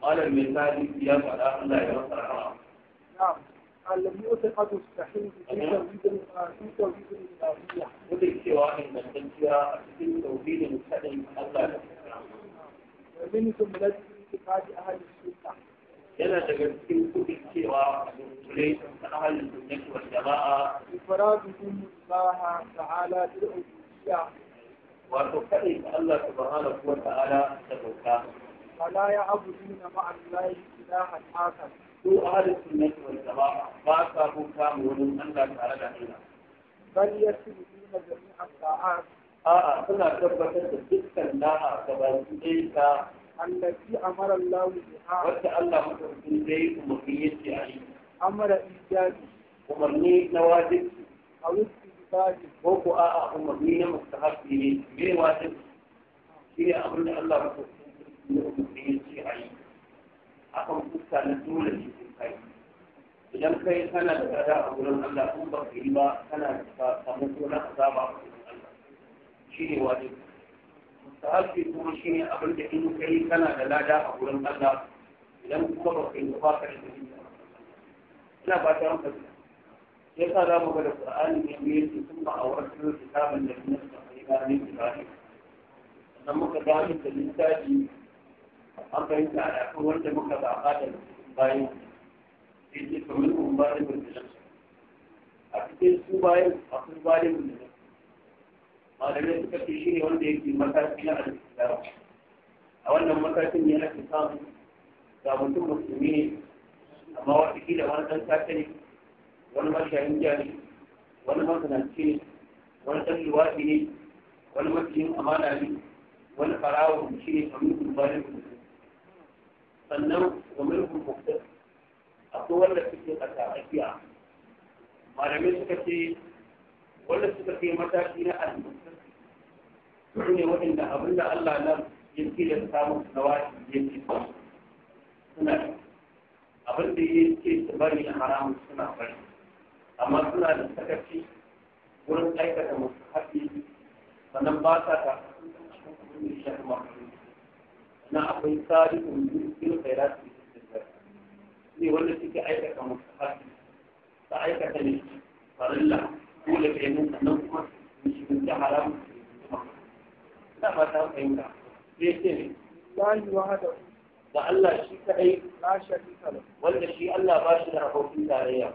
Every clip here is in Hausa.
قال المثال يا الآخر لا يرفع نعم الذي أطلقت مستحيل في توحيد في توحيد الإلهية ولك سواء من في توحيد المستحيل الله ومن ثم في اتفاق أهل السنة yana daga jama'a ifradukum Allah ta'ala bil ubudiyya wato kai Allah subhanahu wa ta'ala da bauta fala ya abuduna ma'a Allah ilahan akhar su ahli sunnati wal jama'a ba sa bauta mu wani Allah tare da Allah bal yasbuduna jami'a sa'at a'a suna tabbatar da dukkan da'a gabanin ɗaya التي أمر الله بها وسأل الله أن يكون أمر إيجاده umarni na wajibi a wuce ibadi ko ko a umarni na Mustahafi ne me wajibi shi ne abin da Allah ya umarni ya ce a yi akan fuska na dole ne sun kai idan kai kana da gada a wurin Allah kun ba ka yi ba kana da samu a zaba a wurin Allah shi ne wajibi Mustahafi kuma shi ne abin da in kai kana da lada a wurin Allah idan kuma ba ka yi ba ka da ina ba ta hankali ya sa za mu ga da Qur'ani ne ne yake sun ba a wasu kitabun da kuma sai ga ne Ibrahim sannan muka gani da littafi an fahimta a yakin wanda muka ba zaɓa da bayan sai ce kamar umar da nafsi a cikin su bayan akwai bayan da nafsi malamai suka ce shi ne wanda yake mataki na alƙisar a wannan matakin ne na fi samun ga mutum musulmi ne amma wata kila wani ɗan ne wani mashayin jari wani masananci ne wani ɗan luwaɗi ne wani maciyin amana ne wani farawa shi ne a mulkin bayan sannan ga mulkin a akwai wanda suke a tsakiya malamai suka ce wanda suka ce mataki na al su ne waɗanda abin da Allah nan ya ce da samun na wasu ya ce suna abin da ya ce su bari na haramun suna bari amma suna da sakaci wurin aikata masu haɗi sannan ba sa ta cikin shafi masu na akwai tsari kun yi ilo kai da ne wanda suke aikata masu haɗi ta aikata ne farilla da kai mun sannan kuma cikin ta haram na ba ta fahimta sai ce ne la yi wahada ga Allah shi kaɗai na shari'a wanda shi Allah ba shi da rahoton tarayya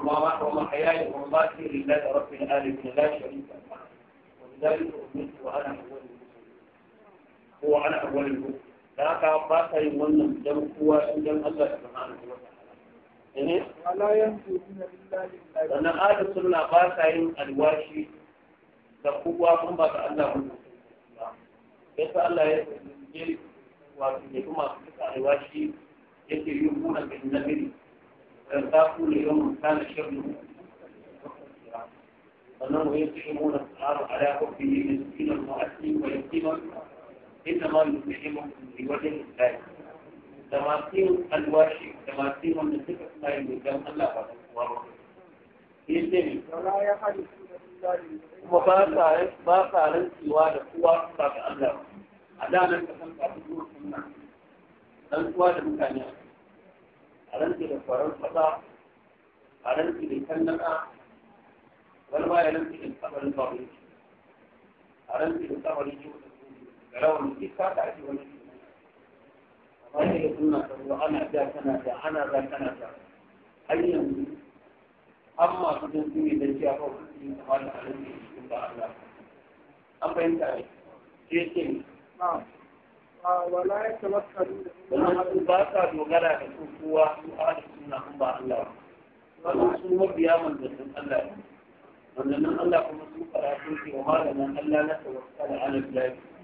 وما حياي ومماتي لله رب العالمين لا شريك da ba ta yin wannan kowa sannan ahli suna ba sa yin alwashi da kowa kun ba ta Allah mun yasa Allah ya yi wato ne kuma alwashi yake yi kuma bin nabiri إرضاء كل يوم كان شغله فإنهم يطعمون الطعام على حبه مسكينا وأسلم ويتيما إنما يطعمهم لوجه الله تماثيل الواشي تماثيل من صفة ما يلزم الله يسلمي kuma ba sa ba sa rantsuwa da kowa ba ga Allah a da a rantsi da kwaron fasa a rantsi da kan naka wani ma ya rantsi da kabarin babin a rantsi da kabarin yau da ga rawan ka ta ake wani amma yadda ya suna ta ruwa ana da kana da ana da kana da har yanzu an masu don su ne don ciyawa ba su yi kamar da a rantsi da cikin ba Allah an fahimta ne sai ce ne wala ya tawakkalu kuma su ba sa dogara da su kowa su ahli sunna in ba Allah ba kuma su mabiya manzannin Allah ne manzannin Allah kuma su karatu ke wa malamin Allah na tawakkala ala Allah